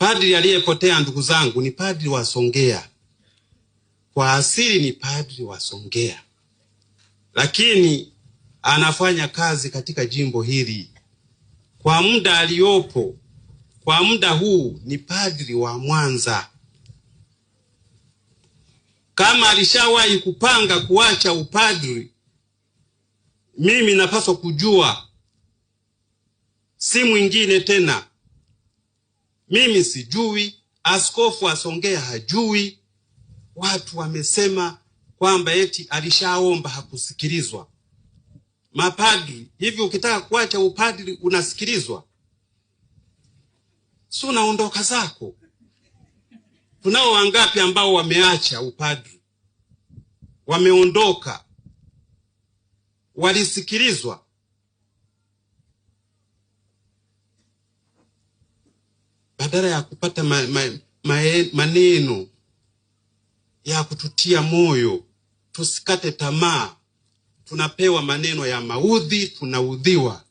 Padri aliyepotea ndugu zangu ni padri wa Songea, kwa asili ni padri wa Songea, lakini anafanya kazi katika jimbo hili kwa muda aliyopo, kwa muda huu ni padri wa Mwanza. Kama alishawahi kupanga kuacha upadri, mimi napaswa kujua, si mwingine tena mimi sijui, askofu asongea hajui. Watu wamesema kwamba eti alishaomba hakusikilizwa. Mapadri, hivi ukitaka kuacha upadri unasikilizwa? Si unaondoka zako. Tunao wangapi ambao wameacha upadri, wameondoka, walisikilizwa? badala ya kupata ma, ma, ma, maneno ya kututia moyo tusikate tamaa, tunapewa maneno ya maudhi, tunaudhiwa.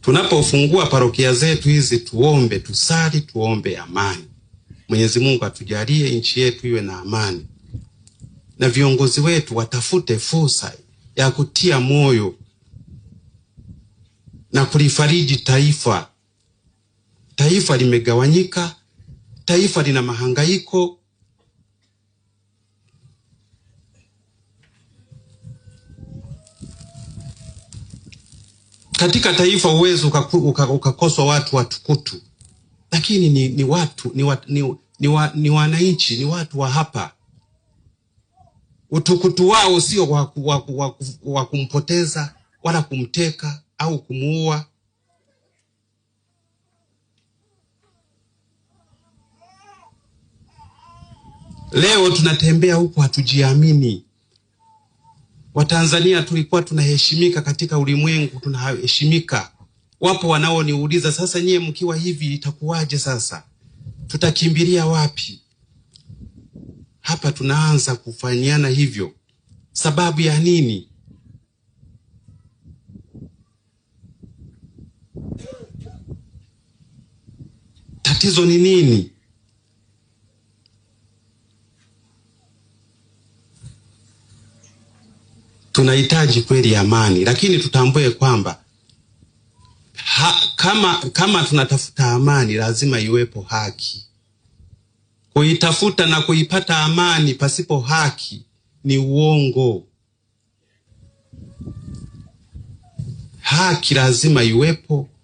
Tunapofungua parokia zetu hizi, tuombe, tusali, tuombe amani. Mwenyezi Mungu atujalie nchi yetu iwe na amani, na viongozi wetu watafute fursa ya kutia moyo na kulifariji taifa. Taifa limegawanyika, taifa lina mahangaiko. Katika taifa uwezo ukakoswa watu watukutu, lakini ni, ni watu ni, ni, ni, wa, ni wananchi ni watu wa hapa utukutu wao sio wa kumpoteza wala kumteka au kumuua. Leo tunatembea huku hatujiamini. Watanzania tulikuwa tunaheshimika katika ulimwengu, tunaheshimika. Wapo wanaoniuliza sasa, nyie mkiwa hivi itakuwaje? Sasa tutakimbilia wapi? Hapa tunaanza kufanyiana hivyo, sababu ya nini? Tatizo ni nini? Tunahitaji kweli amani, lakini tutambue kwamba ha, kama, kama tunatafuta amani lazima iwepo haki. Kuitafuta na kuipata amani pasipo haki ni uongo. Haki lazima iwepo